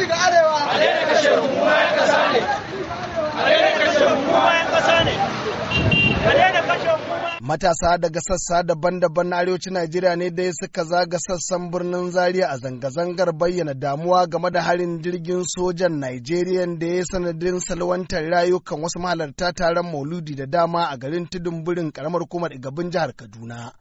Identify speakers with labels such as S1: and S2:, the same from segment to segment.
S1: ci ga arewa a matasa daga sassa daban-daban na arewacin Najeriya ne dai suka zaga sassan birnin Zaria a zanga-zangar bayyana damuwa game da harin jirgin sojan Najeriya da ya sanadin salwantar rayukan wasu mahalarta taron Mauludi da dama a garin Tudun Birin karamar hukumar Igabin jihar Kaduna.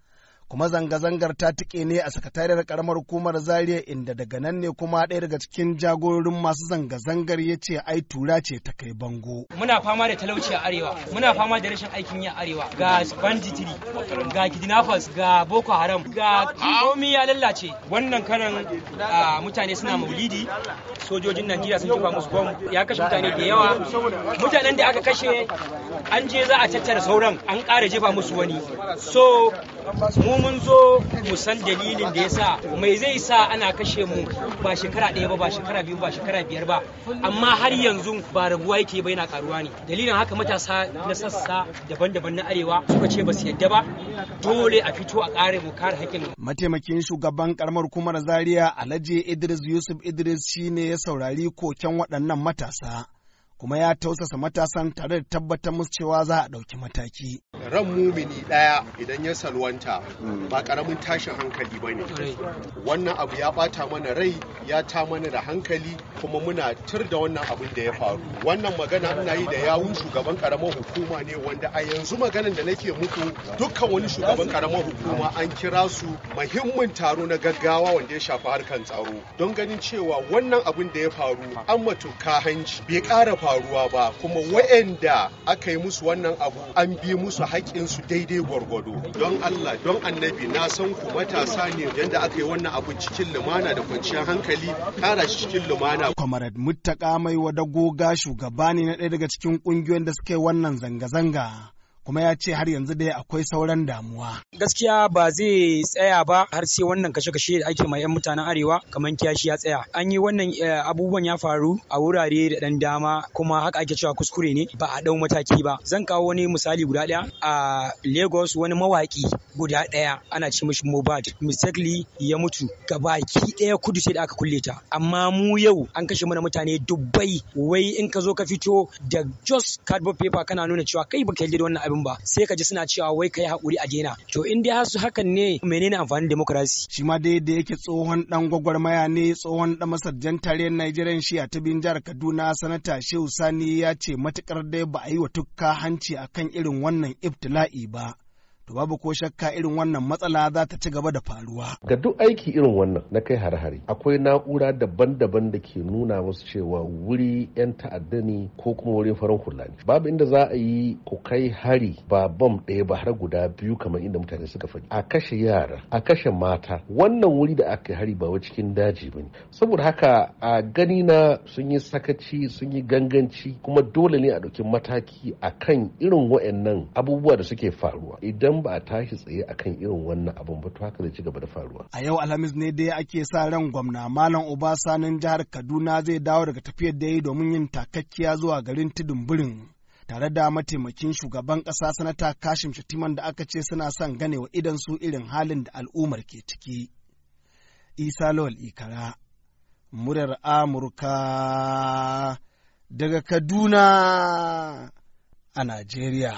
S1: kuma zanga-zangar ta tike ne a sakatariyar karamar hukumar zaria inda daga nan ne kuma ɗaya daga cikin jagororin masu zanga-zangar ya ce ai tura ce ta kai bango
S2: muna fama da talauci a arewa muna fama da rashin aikin yi a arewa ga banditiri ga kidnappers ga boko haram ga komi ya lallace wannan karan mutane suna maulidi sojojin najeriya sun jefa musu bom ya kashe mutane da yawa mutanen da aka kashe an je za a tattara sauran an ƙara jefa musu wani so mu mun zo mu san dalilin da ya sa mai zai sa ana kashe mu ba shekara ɗaya ba ba shekara biyu ba shekara biyar ba amma har yanzu ba rabuwa yake ba yana karuwa ne dalilin haka matasa na sassa daban-daban na arewa suka ce ba su yadda ba dole a fito a kare mu kare haƙƙin
S1: mataimakin shugaban karamar hukumar zaria alhaji idris yusuf idris shine ya saurari koken waɗannan matasa kuma ya tausasa matasan tare da tabbatar musu cewa za a ɗauki mataki.
S3: ran mumini ɗaya idan ya salwanta ba karamin tashin hankali ba ne wannan abu ya ɓata mana rai ya ta mana da hankali kuma muna tur da wannan abin da ya faru wannan magana ina yi da yawun shugaban ƙaramar hukuma ne wanda a yanzu maganan da nake muku dukkan wani shugaban karamar hukuma an kira su muhimmin taro na gaggawa wanda ya shafi harkan tsaro don ganin cewa wannan abin da ya faru an matuka hanci bai ƙara faruwa ba kuma wa'anda aka yi musu wannan abu an bi musu haƙƙinsu daidai gwargwado don allah don annabi na san ku matasa ne yadda aka yi wannan abin cikin lumana da kwanciyar hankali kara shi cikin lumana
S1: kwamarad muttaka mai ga shugaba ne na ɗaya daga cikin ƙungiyoyin da suka yi wannan zanga-zanga kuma ya ce har yanzu dai akwai sauran damuwa.
S2: Gaskiya ba zai tsaya ba har sai wannan kashe-kashe da ake ma 'yan mutanen Arewa kamar kiyashi ya tsaya. An yi wannan eh, abubuwan ya faru a wurare da ɗan dama kuma haka ake cewa kuskure ne ba a ɗau mataki ba. Zan kawo wani misali guda ɗaya a Lagos wani mawaƙi guda ɗaya ana ce mishi Mobad mistakenly ya mutu ga baki ɗaya kudu sai da aka kulle ta. Amma mu yau an kashe mana mutane dubbai wai in ka zo ka fito da just cardboard paper kana nuna cewa kai baka yarda da wannan abin abun ba sai ka ji suna cewa wai kai hakuri a daina
S1: to in dai su hakan ne menene amfanin demokarasi shi ma dai da yake tsohon dan gwagwarmaya ne tsohon dan masarjan tarayyar Najeriya shi a tabin jihar Kaduna sanata Shehu Sani ya ce matukar dai ba a yi wa tukka hanci akan irin wannan ibtila'i ba to babu ko shakka irin wannan matsala za ta ci gaba da faruwa.
S3: Ga duk aiki irin wannan na kai hare hari, akwai na'ura daban-daban da ke nuna musu cewa wuri 'yan ta'adda ne ko kuma wurin farin hula ne. Babu inda za a yi ku kai hari ba bam ɗaya ba har guda biyu kamar inda mutane suka faɗi. A kashe yara, a kashe mata, wannan wuri da aka hari ba wa cikin daji ba ne. Saboda haka a gani na sun yi sakaci, sun yi ganganci kuma dole ne a ɗauki mataki a kan irin waɗannan abubuwa da suke faruwa. Idan idan ba a tashi tsaye kan irin wannan abin ba to haka zai ci gaba da faruwa
S1: a yau alhamis ne dai ake sa ran gwamna malam obasanin jihar kaduna zai dawo daga tafiyar da yi domin yin takakkiya zuwa garin tudunburin tare da mataimakin shugaban ƙasa sanata kashim shatiman da aka ce suna son gane wa idan su irin halin da al'ummar ke ciki isa lawal ikara murar amurka daga kaduna a najeriya